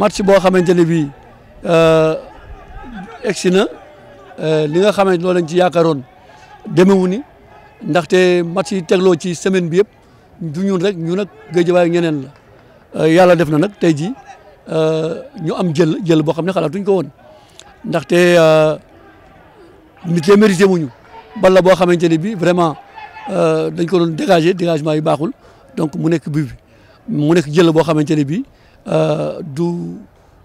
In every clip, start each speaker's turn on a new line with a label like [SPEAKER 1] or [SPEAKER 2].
[SPEAKER 1] match boo xamante ne bii euh, egsi na euh, li nga xamante loolu lañ ci yaakaaroon demewu ni ndaxte match yi tegloo ci semaine bi yëpp du ñun rek ñu nag Géejawaay ñeneen la euh, yàlla def na nag tey jii ñu am jël jël boo xam ne xalaatuñ ko woon ndaxte nit yi mérité wuñu bal boo xamante ne bii vraiment dañ ko doon dégager dégagement yi baaxul donc mu nekk but bi mu nekk jël boo xamante ne bii Euh, du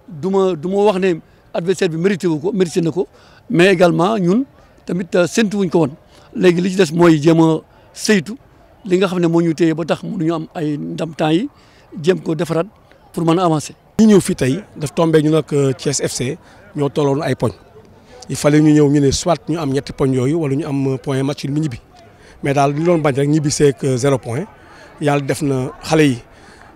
[SPEAKER 1] du duma du ma wax ne adversaire bi mérité wu ko mérité na ko mais également ñun tamit euh, séntu wuñ ko woon léegi li ci des mooy jéem a saytu li nga xam ne moo ñu téye ba tax ñu am ay ndam temps yi jéem ko defaraat pour mën a avancer. ñi ñëw fii tey daf tombé ñu nag euh, Thiès FC ñoo tolloon ay
[SPEAKER 2] poñ il fallait ñu ñëw ñu ne soit ñu am ñetti poñ yooyu wala ñu am point match bi ñibbi mais daal li ñu doon bañ rek ñibbi seeg zéro point yàlla def na xale yi.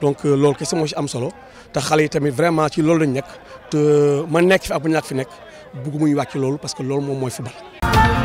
[SPEAKER 2] donc euh, lolu kese moo ci am solo te vraiment ci lolu te fi ak bu parce que